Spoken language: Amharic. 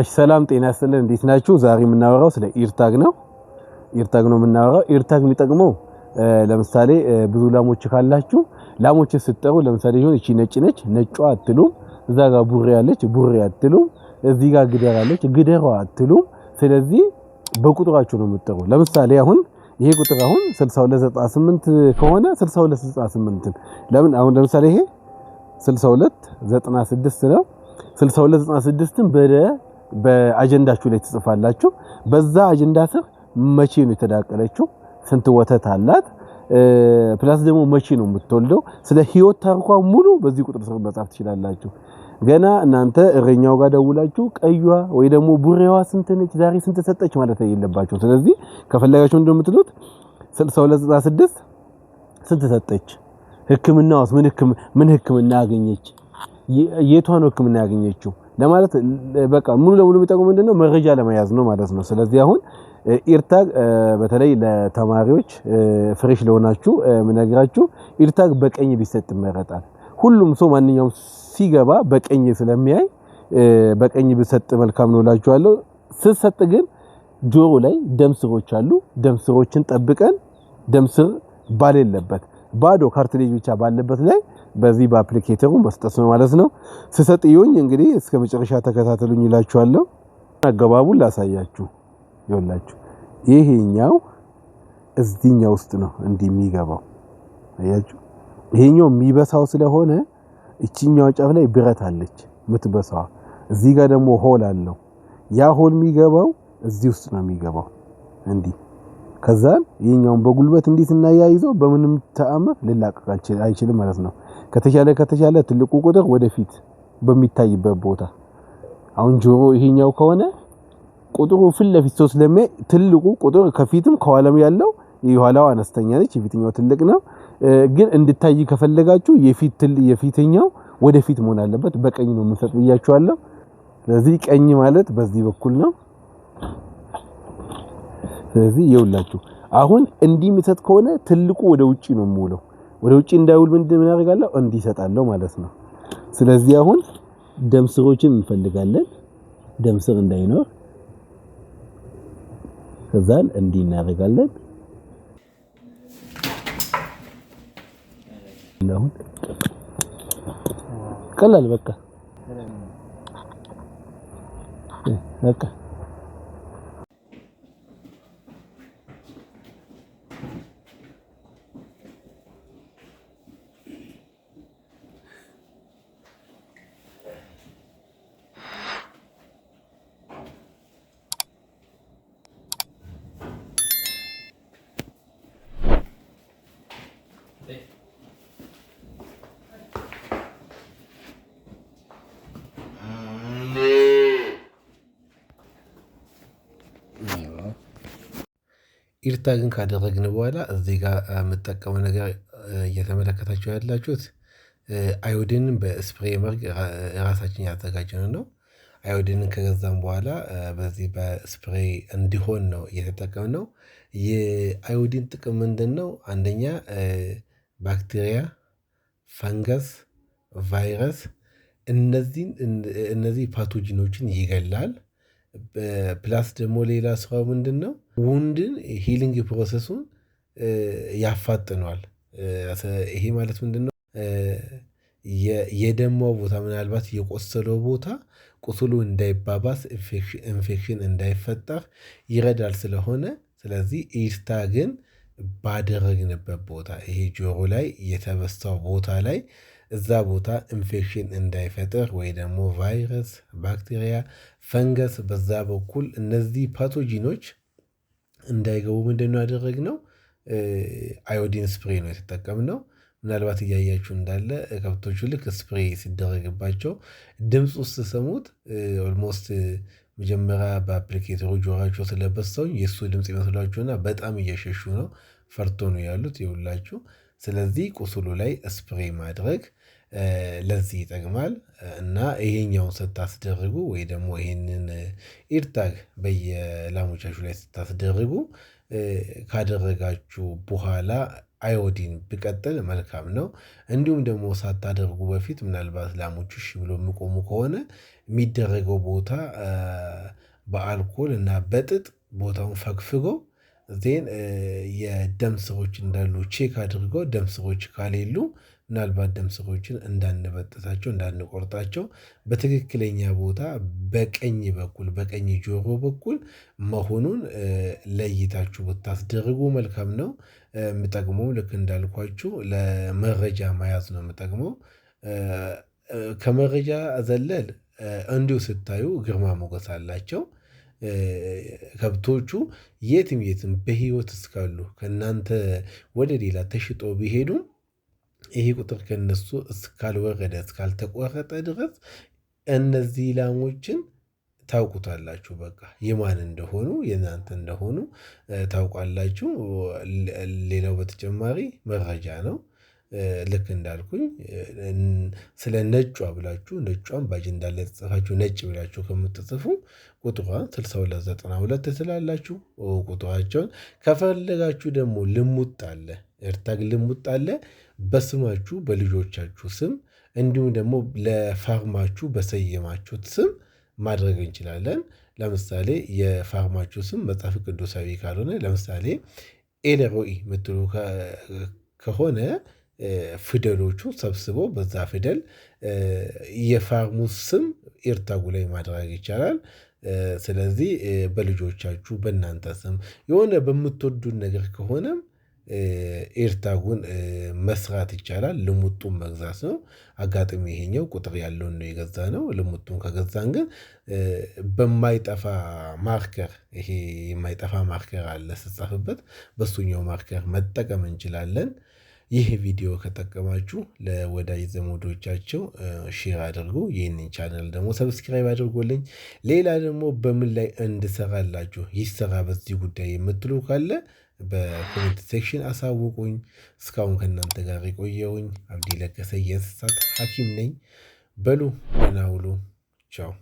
እሺ ሰላም ጤና ያስጥልን። እንዴት ናችሁ? ዛሬ የምናወራው ስለ ኢርታግ ነው። ኢርታግ ነው የምናወራው። ኢርታግ የሚጠቅመው ለምሳሌ ብዙ ላሞች ካላችሁ ላሞች ስትጠሩ ለምሳሌ ይሁን እቺ ነጭ ነች፣ ነጯ አትሉም። እዛ ጋር ቡሬ ያለች፣ ቡሬ አትሉም። እዚህ ጋር ግደር አለች፣ ግደሯ አትሉም። ስለዚህ በቁጥራችሁ ነው የምትጠሩ። ለምሳሌ አሁን ይሄ ቁጥር አሁን 6298 ከሆነ 6298 ለምን አሁን ለምሳሌ ይሄ 6296 ነው። 6296ን በደ በአጀንዳችሁ ላይ ትጽፋላችሁ። በዛ አጀንዳ ስር መቼ ነው የተዳቀለችው፣ ስንት ወተት አላት፣ ፕላስ ደግሞ መቼ ነው የምትወልደው፣ ስለ ህይወት ታሪኳ ሙሉ በዚህ ቁጥር ስር መጻፍ ትችላላችሁ። ገና እናንተ እረኛው ጋር ደውላችሁ ቀዩዋ ወይ ደግሞ ቡሬዋ ስንት ነች ዛሬ ስንት ሰጠች ማለት የለባችሁ። ስለዚህ ከፈለጋችሁ እንደምትሉት 6296 ስንት ሰጠች፣ ህክምናውስ ምን ህክምና አገኘች፣ የቷን ህክምና ያገኘችው ለማለት በቃ ሙሉ ለሙሉ የሚጠቁም ምንድነው መረጃ ለመያዝ ነው ማለት ነው። ስለዚህ አሁን ኢርታግ በተለይ ለተማሪዎች ፍሬሽ ለሆናችሁ ምነግራችሁ ኢርታግ በቀኝ ቢሰጥ ይመረጣል። ሁሉም ሰው ማንኛውም ሲገባ በቀኝ ስለሚያይ በቀኝ ቢሰጥ መልካም ነው እላችኋለሁ። ስትሰጥ ግን ጆሮ ላይ ደም ስሮች አሉ። ደም ስሮችን ጠብቀን ደም ስር ባሌለበት ባዶ ካርትሌጅ ብቻ ባለበት ላይ በዚህ በአፕሊኬተሩ መስጠት ነው ማለት ነው። ስሰጥዩኝ እንግዲህ እስከ መጨረሻ ተከታተሉኝ ይላችኋለሁ። አገባቡን ላሳያችሁ ይላችሁ። ይሄኛው እዚህኛው ውስጥ ነው እንዲህ የሚገባው አያችሁ። ይሄኛው የሚበሳው ስለሆነ እችኛው ጫፍ ላይ ብረት አለች ምትበሳዋ። እዚህ ጋር ደግሞ ሆል አለው። ያ ሆል የሚገባው እዚህ ውስጥ ነው የሚገባው እንዲህ ከዛን ይህኛውን በጉልበት እንዴት እናያይዘው በምንም ተአምር ልላቀቅ አይችልም ማለት ነው። ከተሻለ ከተሻለ ትልቁ ቁጥር ወደፊት በሚታይበት ቦታ አሁን ጆሮ ይሄኛው ከሆነ ቁጥሩ ፊት ለፊት ሰው ስለሚያይ ትልቁ ቁጥር ከፊትም ከኋላም ያለው የኋላው አነስተኛ ነች፣ የፊትኛው ትልቅ ነው። ግን እንድታይ ከፈለጋችሁ የፊት የፊትኛው ወደፊት መሆን አለበት። በቀኝ ነው የምንሰጥ ብያችኋለሁ። ስለዚህ ቀኝ ማለት በዚህ በኩል ነው። ስለዚህ ይኸውላችሁ አሁን እንዲህ የምሰጥ ከሆነ ትልቁ ወደ ውጪ ነው የምውለው። ወደ ውጪ እንዳይውል ምን አደርጋለሁ? እንዲህ እሰጣለሁ ማለት ነው። ስለዚህ አሁን ደምስሮችን እንፈልጋለን። ደምስር እንዳይኖር ከዛን እንዲህ እናደርጋለን። አሁን ቀላል በቃ በቃ ኢርታግን ካደረግን በኋላ እዚ ጋር የምጠቀመው ነገር እየተመለከታችሁ ያላችሁት አዮዲንን በስፕሬ መርግ ራሳችን ያዘጋጀን ነው። አዮዲንን ከገዛም በኋላ በዚህ በስፕሬ እንዲሆን ነው እየተጠቀምን ነው። የአዮዲን ጥቅም ምንድን ነው? አንደኛ ባክቴሪያ፣ ፈንገስ፣ ቫይረስ እነዚህ ፓቶጂኖችን ይገላል። ፕላስ ደግሞ ሌላ ስራው ምንድን ነው? ውንድን ሂሊንግ ፕሮሰሱን ያፋጥነዋል። ይሄ ማለት ምንድን ነው? የደማው ቦታ ምናልባት የቆሰለው ቦታ ቁስሉ እንዳይባባስ ኢንፌክሽን እንዳይፈጠር ይረዳል ስለሆነ ስለዚህ ኢስታ ግን ባደረግንበት ቦታ ይሄ ጆሮ ላይ የተበሳው ቦታ ላይ እዛ ቦታ ኢንፌክሽን እንዳይፈጥር ወይ ደግሞ ቫይረስ፣ ባክቴሪያ፣ ፈንገስ በዛ በኩል እነዚህ ፓቶጂኖች እንዳይገቡ ምንድን ነው ያደረግነው? አዮዲን ስፕሬ ነው የተጠቀምነው። ምናልባት እያያችሁ እንዳለ ከብቶቹ ልክ ስፕሬ ሲደረግባቸው ድምፅ ውስጥ ስሰሙት ኦልሞስት መጀመሪያ በአፕሊኬተሩ ጆሯቸው ስለበሰውኝ የእሱ ድምፅ ይመስሏቸውና በጣም እየሸሹ ነው፣ ፈርቶ ነው ያሉት ይውላችሁ። ስለዚህ ቁስሉ ላይ ስፕሬ ማድረግ ለዚህ ይጠቅማል እና ይሄኛውን ስታስደርጉ ወይ ደግሞ ይሄንን ኤርታግ በየላሞቻችሁ ላይ ስታስደርጉ ካደረጋችሁ በኋላ አዮዲን ብቀጥል መልካም ነው። እንዲሁም ደግሞ ሳታደርጉ በፊት ምናልባት ላሞቹ እሺ ብሎ የሚቆሙ ከሆነ የሚደረገው ቦታ በአልኮል እና በጥጥ ቦታውን ፈግፍጎ ዜን የደም ስሮች እንዳሉ ቼክ አድርገው ደም ስሮች ካሌሉ ምናልባት ደም ስሮችን እንዳንበጥታቸው እንዳንቆርጣቸው በትክክለኛ ቦታ በቀኝ በኩል በቀኝ ጆሮ በኩል መሆኑን ለይታችሁ ብታስደርጉ መልካም ነው። የምጠቅመው ልክ እንዳልኳችሁ ለመረጃ መያዝ ነው የምጠቅመው። ከመረጃ ዘለል እንዲሁ ስታዩ ግርማ ሞገስ አላቸው። ከብቶቹ የትም የትም በህይወት እስካሉ ከእናንተ ወደ ሌላ ተሽጦ ቢሄዱም ይሄ ቁጥር ከነሱ እስካልወረደ እስካልተቆረጠ ድረስ እነዚህ ላሞችን ታውቁታላችሁ። በቃ የማን እንደሆኑ የእናንተ እንደሆኑ ታውቋላችሁ። ሌላው በተጨማሪ መረጃ ነው። ልክ እንዳልኩኝ ስለ ነጯ ብላችሁ ነጯን በአጀንዳ ላይ ተጽፋችሁ ነጭ ብላችሁ ከምትጽፉ ቁጥሯ 6292 ትላላችሁ ቁጥራቸውን። ከፈለጋችሁ ደግሞ ልሙጥ አለ፣ ኤርታግ ልሙጥ አለ በስማችሁ በልጆቻችሁ ስም እንዲሁም ደግሞ ለፋርማችሁ በሰየማችሁት ስም ማድረግ እንችላለን። ለምሳሌ የፋርማችሁ ስም መጽሐፍ ቅዱሳዊ ካልሆነ ለምሳሌ ኤለሮኢ የምትሉ ከሆነ ፊደሎቹ ሰብስበ በዛ ፊደል የፋርሙ ስም ኤርታጉ ላይ ማድረግ ይቻላል። ስለዚህ በልጆቻችሁ በእናንተ ስም የሆነ በምትወዱን ነገር ከሆነም ኤርታጉን መስራት ይቻላል። ልሙጡን መግዛት ነው። አጋጣሚ ይሄኛው ቁጥር ያለውን ነው ነው። ልሙጡን ከገዛን ግን በማይጠፋ ማርከር ይሄ የማይጠፋ ማርከር አለ ስትጻፍበት በሱኛው ማርከር መጠቀም እንችላለን። ይህ ቪዲዮ ከጠቀማችሁ ለወዳጅ ዘመዶቻቸው ሼር አድርጉ። ይህንን ቻነል ደግሞ ሰብስክራይብ አድርጎልኝ። ሌላ ደግሞ በምን ላይ እንድሰራላችሁ ይሰራ በዚህ ጉዳይ የምትሉ ካለ በኮሜንት ሴክሽን አሳውቁኝ። እስካሁን ከእናንተ ጋር የቆየውኝ አብዲ ለገሰ የእንስሳት ሐኪም ነኝ። በሉ ደህና ውሉ። ቻው